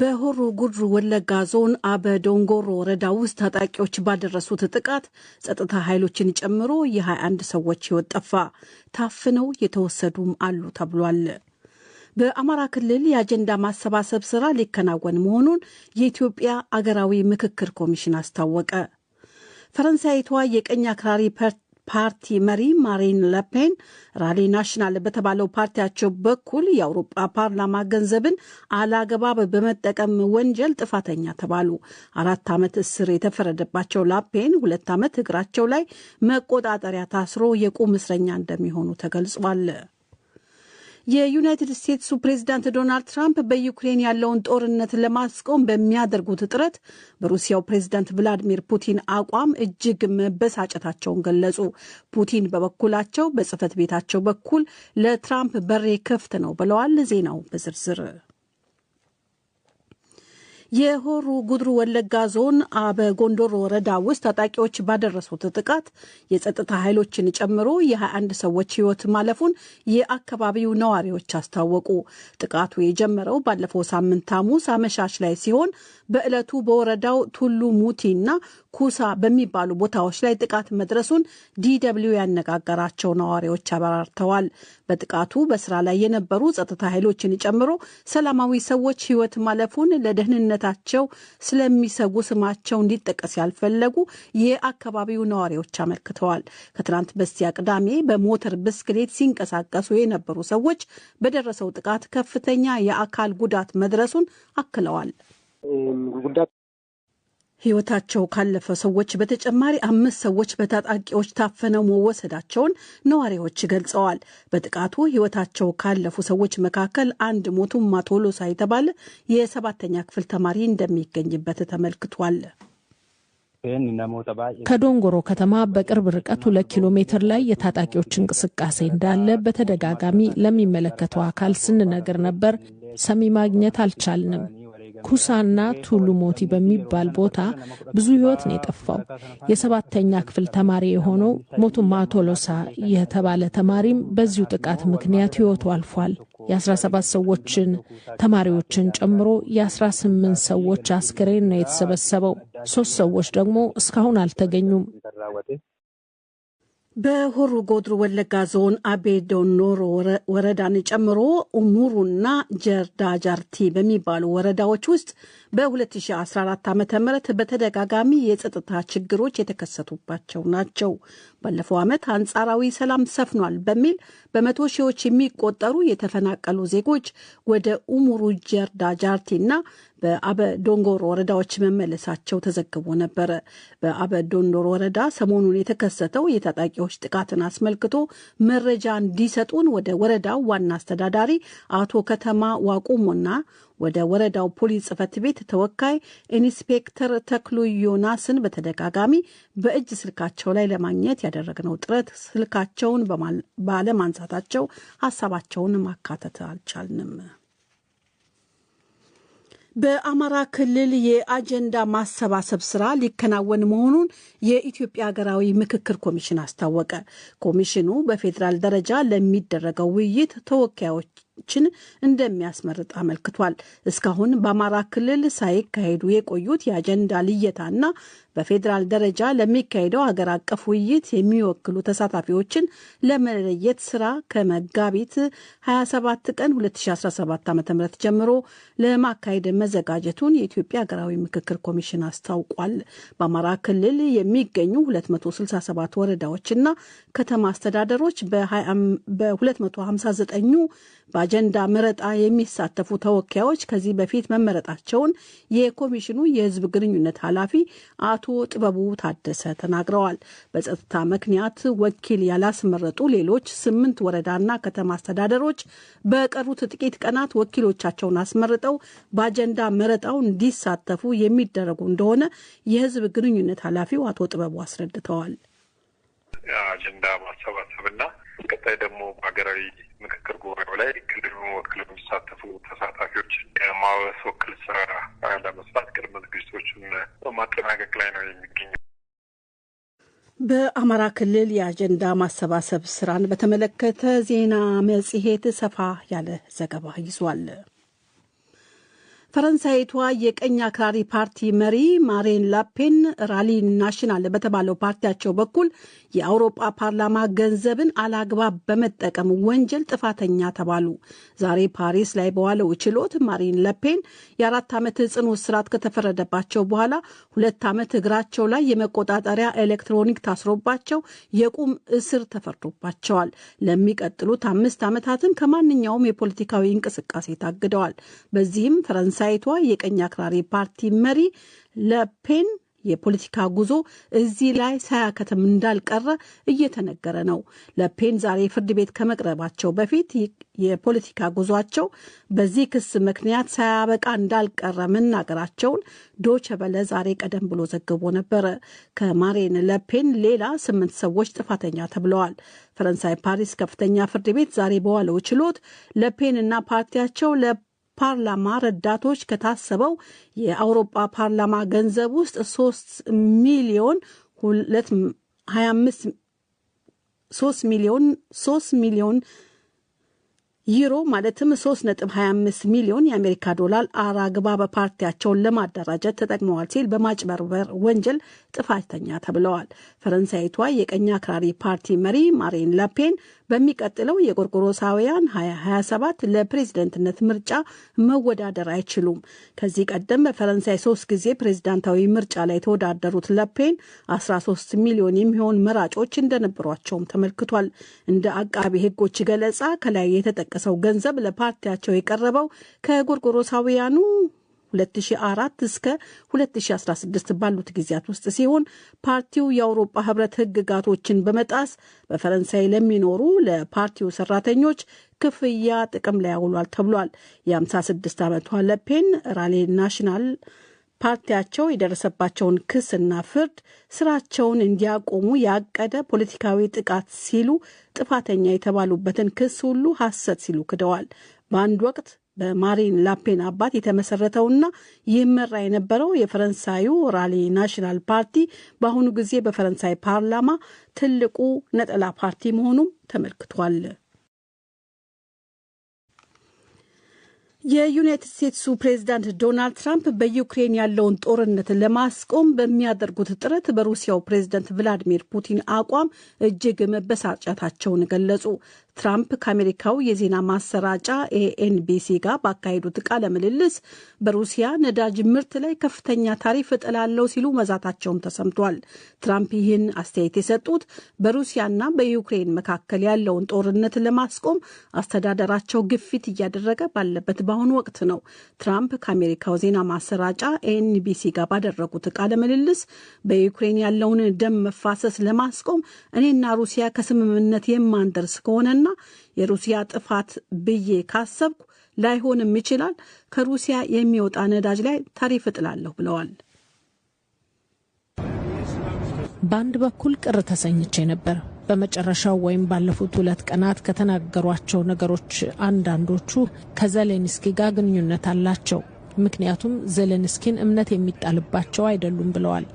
በሆሮ ጉድሩ ወለጋ ዞን አበዶንጎሮ ወረዳ ውስጥ ታጣቂዎች ባደረሱት ጥቃት ጸጥታ ኃይሎችን ጨምሮ የ21 ሰዎች ህይወት ጠፋ። ታፍነው የተወሰዱም አሉ ተብሏል። በአማራ ክልል የአጀንዳ ማሰባሰብ ስራ ሊከናወን መሆኑን የኢትዮጵያ አገራዊ ምክክር ኮሚሽን አስታወቀ። ፈረንሳይቷ የቀኝ አክራሪ ፓርቲ መሪ ማሪን ለፔን ራሊ ናሽናል በተባለው ፓርቲያቸው በኩል የአውሮፓ ፓርላማ ገንዘብን አላገባብ በመጠቀም ወንጀል ጥፋተኛ ተባሉ። አራት ዓመት እስር የተፈረደባቸው ላፔን ሁለት ዓመት እግራቸው ላይ መቆጣጠሪያ ታስሮ የቁም እስረኛ እንደሚሆኑ ተገልጿል። የዩናይትድ ስቴትሱ ፕሬዚዳንት ዶናልድ ትራምፕ በዩክሬን ያለውን ጦርነት ለማስቆም በሚያደርጉት ጥረት በሩሲያው ፕሬዚዳንት ቭላዲሚር ፑቲን አቋም እጅግ መበሳጨታቸውን ገለጹ። ፑቲን በበኩላቸው በጽህፈት ቤታቸው በኩል ለትራምፕ በሬ ክፍት ነው ብለዋል። ዜናው በዝርዝር የሆሩ ጉድሩ ወለጋ ዞን አበጎንዶር ወረዳ ውስጥ ታጣቂዎች ባደረሱት ጥቃት የጸጥታ ኃይሎችን ጨምሮ የ21 ሰዎች ሕይወት ማለፉን የአካባቢው ነዋሪዎች አስታወቁ። ጥቃቱ የጀመረው ባለፈው ሳምንት ሐሙስ አመሻሽ ላይ ሲሆን በዕለቱ በወረዳው ቱሉ ሙቲ እና ኩሳ በሚባሉ ቦታዎች ላይ ጥቃት መድረሱን ዲደብሊው ያነጋገራቸው ነዋሪዎች አብራርተዋል። በጥቃቱ በስራ ላይ የነበሩ ጸጥታ ኃይሎችን ጨምሮ ሰላማዊ ሰዎች ሕይወት ማለፉን ለደህንነት ደህንነታቸው ስለሚሰጉ ስማቸው እንዲጠቀስ ያልፈለጉ የአካባቢው ነዋሪዎች አመልክተዋል። ከትናንት በስቲያ ቅዳሜ በሞተር ብስክሌት ሲንቀሳቀሱ የነበሩ ሰዎች በደረሰው ጥቃት ከፍተኛ የአካል ጉዳት መድረሱን አክለዋል። ሕይወታቸው ካለፈ ሰዎች በተጨማሪ አምስት ሰዎች በታጣቂዎች ታፈነው መወሰዳቸውን ነዋሪዎች ገልጸዋል። በጥቃቱ ሕይወታቸው ካለፉ ሰዎች መካከል አንድ ሞቱማ ቶሎሳ የተባለ የሰባተኛ ክፍል ተማሪ እንደሚገኝበት ተመልክቷል። ከዶንጎሮ ከተማ በቅርብ ርቀት ሁለት ኪሎ ሜትር ላይ የታጣቂዎች እንቅስቃሴ እንዳለ በተደጋጋሚ ለሚመለከተው አካል ስንነግር ነበር። ሰሚ ማግኘት አልቻልንም። ኩሳና ቱሉ ሞቲ በሚባል ቦታ ብዙ ህይወት ነው የጠፋው። የሰባተኛ ክፍል ተማሪ የሆነው ሞቱ ማቶሎሳ የተባለ ተማሪም በዚሁ ጥቃት ምክንያት ህይወቱ አልፏል። የ17 ሰዎችን ተማሪዎችን ጨምሮ የ18 ሰዎች አስክሬን ነው የተሰበሰበው። ሶስት ሰዎች ደግሞ እስካሁን አልተገኙም። በሆሮ ጎድሩ ወለጋ ዞን አቤ ዶኖሮ ወረዳን ጨምሮ ኡሙሩና ጀርዳ ጃርቲ በሚባሉ ወረዳዎች ውስጥ በ2014 ዓ ም በተደጋጋሚ የጸጥታ ችግሮች የተከሰቱባቸው ናቸው። ባለፈው ዓመት አንጻራዊ ሰላም ሰፍኗል በሚል በመቶ ሺዎች የሚቆጠሩ የተፈናቀሉ ዜጎች ወደ ኡሙሩ ጀርዳ በአበ ዶንጎር ወረዳዎች መመለሳቸው ተዘግቦ ነበረ። ዶንጎር ወረዳ ሰሞኑን የተከሰተው የታጣቂዎች ጥቃትን አስመልክቶ መረጃ እንዲሰጡን ወደ ወረዳው ዋና አስተዳዳሪ አቶ ከተማ ዋቁሞና ወደ ወረዳው ፖሊስ ጽፈት ቤት ተወካይ ኢንስፔክተር ተክሉ ዮናስን በተደጋጋሚ በእጅ ስልካቸው ላይ ለማግኘት ያደረግነው ጥረት ስልካቸውን ባለማንሳታቸው ሀሳባቸውን ማካተት አልቻልንም። በአማራ ክልል የአጀንዳ ማሰባሰብ ስራ ሊከናወን መሆኑን የኢትዮጵያ ሀገራዊ ምክክር ኮሚሽን አስታወቀ። ኮሚሽኑ በፌዴራል ደረጃ ለሚደረገው ውይይት ተወካዮች ችን እንደሚያስመርጥ አመልክቷል። እስካሁን በአማራ ክልል ሳይካሄዱ የቆዩት የአጀንዳ ልየታና በፌዴራል ደረጃ ለሚካሄደው ሀገር አቀፍ ውይይት የሚወክሉ ተሳታፊዎችን ለመለየት ስራ ከመጋቢት 27 ቀን 2017 ዓ ም ጀምሮ ለማካሄድ መዘጋጀቱን የኢትዮጵያ ሀገራዊ ምክክር ኮሚሽን አስታውቋል። በአማራ ክልል የሚገኙ 267 ወረዳዎችና ከተማ አስተዳደሮች በ259ኙ በአጀንዳ መረጣ የሚሳተፉ ተወካዮች ከዚህ በፊት መመረጣቸውን የኮሚሽኑ የህዝብ ግንኙነት ኃላፊ አቶ አቶ ጥበቡ ታደሰ ተናግረዋል። በጸጥታ ምክንያት ወኪል ያላስመረጡ ሌሎች ስምንት ወረዳና ከተማ አስተዳደሮች በቀሩት ጥቂት ቀናት ወኪሎቻቸውን አስመርጠው በአጀንዳ መረጣው እንዲሳተፉ የሚደረጉ እንደሆነ የህዝብ ግንኙነት ኃላፊው አቶ ጥበቡ አስረድተዋል። አጀንዳ ማሰባሰብና ቀጣይ ደግሞ በሀገራዊ ምክክር ጉባኤው ላይ ክልሉን ወክል የሚሳተፉ ተሳታፊዎችን የማስወክል ስራ ለመስራት ቅድመ ዝግጅቶችን በማጠናቀቅ ላይ ነው የሚገኘው። በአማራ ክልል የአጀንዳ ማሰባሰብ ስራን በተመለከተ ዜና መጽሔት ሰፋ ያለ ዘገባ ይዟል። ፈረንሳይቷ የቀኝ አክራሪ ፓርቲ መሪ ማሪን ላፔን ራሊ ናሽናል በተባለው ፓርቲያቸው በኩል የአውሮጳ ፓርላማ ገንዘብን አላግባብ በመጠቀም ወንጀል ጥፋተኛ ተባሉ። ዛሬ ፓሪስ ላይ በዋለው ችሎት ማሪን ለፔን የአራት ዓመት ጽኑ እስራት ከተፈረደባቸው በኋላ ሁለት ዓመት እግራቸው ላይ የመቆጣጠሪያ ኤሌክትሮኒክ ታስሮባቸው የቁም እስር ተፈርዶባቸዋል። ለሚቀጥሉት አምስት ዓመታትም ከማንኛውም የፖለቲካዊ እንቅስቃሴ ታግደዋል። በዚህም ፈረንሳይ ዌብሳይቷ የቀኝ አክራሪ ፓርቲ መሪ ለፔን የፖለቲካ ጉዞ እዚህ ላይ ሳያከትም እንዳልቀረ እየተነገረ ነው። ለፔን ዛሬ ፍርድ ቤት ከመቅረባቸው በፊት የፖለቲካ ጉዟቸው በዚህ ክስ ምክንያት ሳያበቃ እንዳልቀረ መናገራቸውን ዶቼ ዛሬ ቀደም ብሎ ዘግቦ ነበረ። ከማሪን ለፔን ሌላ ስምንት ሰዎች ጥፋተኛ ተብለዋል። ፈረንሳይ ፓሪስ ከፍተኛ ፍርድ ቤት ዛሬ በዋለው ችሎት ለፔን እና ፓርቲያቸው ፓርላማ ረዳቶች ከታሰበው የአውሮፓ ፓርላማ ገንዘብ ውስጥ 3 ሚሊዮን ሁለት ሚሊዮን 3 ሚሊዮን ዩሮ ማለትም 3.25 ሚሊዮን የአሜሪካ ዶላር አራግባ በፓርቲያቸውን ለማደራጀት ተጠቅመዋል ሲል በማጭበርበር ወንጀል ጥፋተኛ ተብለዋል። ፈረንሳይቷ የቀኝ አክራሪ ፓርቲ መሪ ማሪን ለፔን በሚቀጥለው የጎርጎሮሳውያን 2027 ለፕሬዝደንትነት ምርጫ መወዳደር አይችሉም። ከዚህ ቀደም በፈረንሳይ ሶስት ጊዜ ፕሬዝዳንታዊ ምርጫ ላይ የተወዳደሩት ለፔን 13 ሚሊዮን የሚሆን መራጮች እንደነበሯቸውም ተመልክቷል። እንደ አቃቢ ሕጎች ገለጻ ከላይ የተጠቀሰው ገንዘብ ለፓርቲያቸው የቀረበው ከጎርጎሮሳውያኑ 2004 እስከ 2016 ባሉት ጊዜያት ውስጥ ሲሆን ፓርቲው የአውሮፓ ህብረት ህግጋቶችን በመጣስ በፈረንሳይ ለሚኖሩ ለፓርቲው ሰራተኞች ክፍያ ጥቅም ላይ ያውሏል ተብሏል። የ56 ዓመቷ ለፔን ራሌ ናሽናል ፓርቲያቸው የደረሰባቸውን ክስና ፍርድ ስራቸውን እንዲያቆሙ ያቀደ ፖለቲካዊ ጥቃት ሲሉ ጥፋተኛ የተባሉበትን ክስ ሁሉ ሐሰት ሲሉ ክደዋል። በአንድ ወቅት በማሪን ላፔን አባት የተመሰረተውና ይመራ የነበረው የፈረንሳዩ ራሊ ናሽናል ፓርቲ በአሁኑ ጊዜ በፈረንሳይ ፓርላማ ትልቁ ነጠላ ፓርቲ መሆኑም ተመልክቷል። የዩናይትድ ስቴትሱ ፕሬዚዳንት ዶናልድ ትራምፕ በዩክሬን ያለውን ጦርነት ለማስቆም በሚያደርጉት ጥረት በሩሲያው ፕሬዚዳንት ቭላዲሚር ፑቲን አቋም እጅግ መበሳጨታቸውን ገለጹ። ትራምፕ ከአሜሪካው የዜና ማሰራጫ ኤኤንቢሲ ጋር ባካሄዱት ቃለ ምልልስ በሩሲያ ነዳጅ ምርት ላይ ከፍተኛ ታሪፍ እጥላለሁ ሲሉ መዛታቸውም ተሰምቷል። ትራምፕ ይህን አስተያየት የሰጡት በሩሲያና በዩክሬን መካከል ያለውን ጦርነት ለማስቆም አስተዳደራቸው ግፊት እያደረገ ባለበት በአሁኑ ወቅት ነው። ትራምፕ ከአሜሪካው ዜና ማሰራጫ ኤንቢሲ ጋር ባደረጉት ቃለ ምልልስ በዩክሬን ያለውን ደም መፋሰስ ለማስቆም እኔና ሩሲያ ከስምምነት የማንደርስ ከሆነና እና የሩሲያ ጥፋት ብዬ ካሰብኩ ላይሆንም ይችላል፣ ከሩሲያ የሚወጣ ነዳጅ ላይ ታሪፍ እጥላለሁ ብለዋል። በአንድ በኩል ቅር ተሰኝቼ ነበር። በመጨረሻው ወይም ባለፉት ሁለት ቀናት ከተናገሯቸው ነገሮች አንዳንዶቹ ከዘሌንስኪ ጋር ግንኙነት አላቸው፣ ምክንያቱም ዘሌንስኪን እምነት የሚጣልባቸው አይደሉም ብለዋል።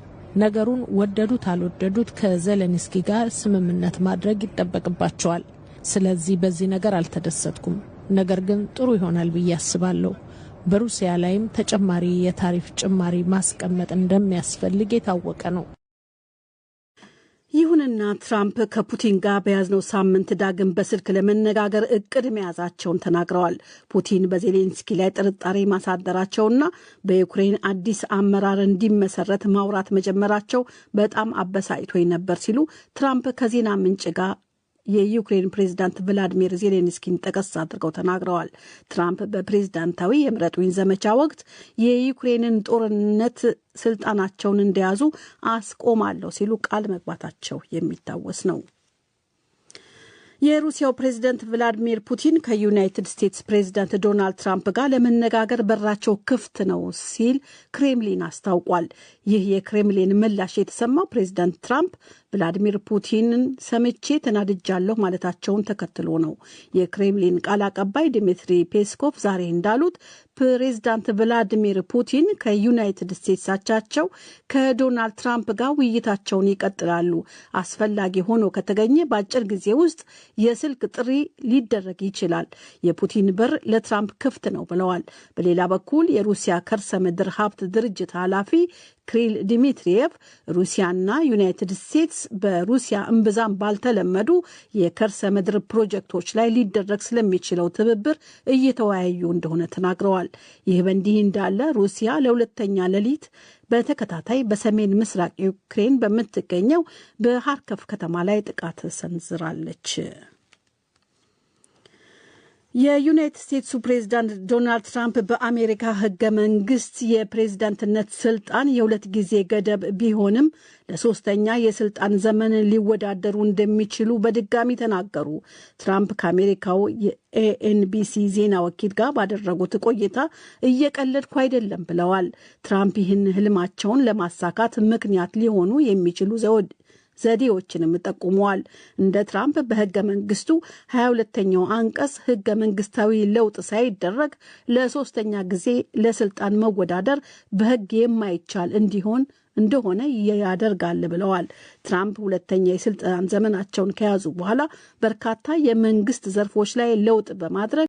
ነገሩን ወደዱት አልወደዱት ከዘሌንስኪ ጋር ስምምነት ማድረግ ይጠበቅባቸዋል። ስለዚህ በዚህ ነገር አልተደሰትኩም። ነገር ግን ጥሩ ይሆናል ብዬ አስባለሁ። በሩሲያ ላይም ተጨማሪ የታሪፍ ጭማሪ ማስቀመጥ እንደሚያስፈልግ የታወቀ ነው። ይሁንና ትራምፕ ከፑቲን ጋር በያዝነው ሳምንት ዳግም በስልክ ለመነጋገር እቅድ መያዛቸውን ተናግረዋል። ፑቲን በዜሌንስኪ ላይ ጥርጣሬ ማሳደራቸውና በዩክሬን አዲስ አመራር እንዲመሰረት ማውራት መጀመራቸው በጣም አበሳጭቶኝ ነበር ሲሉ ትራምፕ ከዜና ምንጭ ጋር የዩክሬን ፕሬዚዳንት ቭላዲሚር ዜሌንስኪን ጠቀስ አድርገው ተናግረዋል። ትራምፕ በፕሬዚዳንታዊ የምረጡኝ ዘመቻ ወቅት የዩክሬንን ጦርነት ስልጣናቸውን እንደያዙ አስቆማለሁ ሲሉ ቃል መግባታቸው የሚታወስ ነው። የሩሲያው ፕሬዝደንት ቭላዲሚር ፑቲን ከዩናይትድ ስቴትስ ፕሬዚደንት ዶናልድ ትራምፕ ጋር ለመነጋገር በራቸው ክፍት ነው ሲል ክሬምሊን አስታውቋል። ይህ የክሬምሊን ምላሽ የተሰማው ፕሬዚደንት ትራምፕ ቭላዲሚር ፑቲንን ሰምቼ ተናድጃለሁ ማለታቸውን ተከትሎ ነው። የክሬምሊን ቃል አቀባይ ዲሚትሪ ፔስኮቭ ዛሬ እንዳሉት ፕሬዝዳንት ቭላዲሚር ፑቲን ከዩናይትድ ስቴትስ አቻቸው ከዶናልድ ትራምፕ ጋር ውይይታቸውን ይቀጥላሉ። አስፈላጊ ሆኖ ከተገኘ በአጭር ጊዜ ውስጥ የስልክ ጥሪ ሊደረግ ይችላል። የፑቲን በር ለትራምፕ ክፍት ነው ብለዋል። በሌላ በኩል የሩሲያ ከርሰ ምድር ሀብት ድርጅት ኃላፊ ክሪል ዲሚትሪየቭ ሩሲያና ዩናይትድ ስቴትስ በሩሲያ እምብዛም ባልተለመዱ የከርሰ ምድር ፕሮጀክቶች ላይ ሊደረግ ስለሚችለው ትብብር እየተወያዩ እንደሆነ ተናግረዋል። ይህ በእንዲህ እንዳለ ሩሲያ ለሁለተኛ ሌሊት በተከታታይ በሰሜን ምስራቅ ዩክሬን በምትገኘው በሃርከፍ ከተማ ላይ ጥቃት ሰንዝራለች። የዩናይትድ ስቴትሱ ፕሬዝዳንት ዶናልድ ትራምፕ በአሜሪካ ህገ መንግስት የፕሬዝዳንትነት ስልጣን የሁለት ጊዜ ገደብ ቢሆንም ለሶስተኛ የስልጣን ዘመን ሊወዳደሩ እንደሚችሉ በድጋሚ ተናገሩ። ትራምፕ ከአሜሪካው የኤኤንቢሲ ዜና ወኪል ጋር ባደረጉት ቆይታ እየቀለድኩ አይደለም ብለዋል። ትራምፕ ይህን ህልማቸውን ለማሳካት ምክንያት ሊሆኑ የሚችሉ ዘዴዎችንም ጠቁመዋል። እንደ ትራምፕ በህገ መንግስቱ ሀያ ሁለተኛው አንቀጽ ህገ መንግስታዊ ለውጥ ሳይደረግ ለሶስተኛ ጊዜ ለስልጣን መወዳደር በህግ የማይቻል እንዲሆን እንደሆነ ያደርጋል ብለዋል። ትራምፕ ሁለተኛ የስልጣን ዘመናቸውን ከያዙ በኋላ በርካታ የመንግስት ዘርፎች ላይ ለውጥ በማድረግ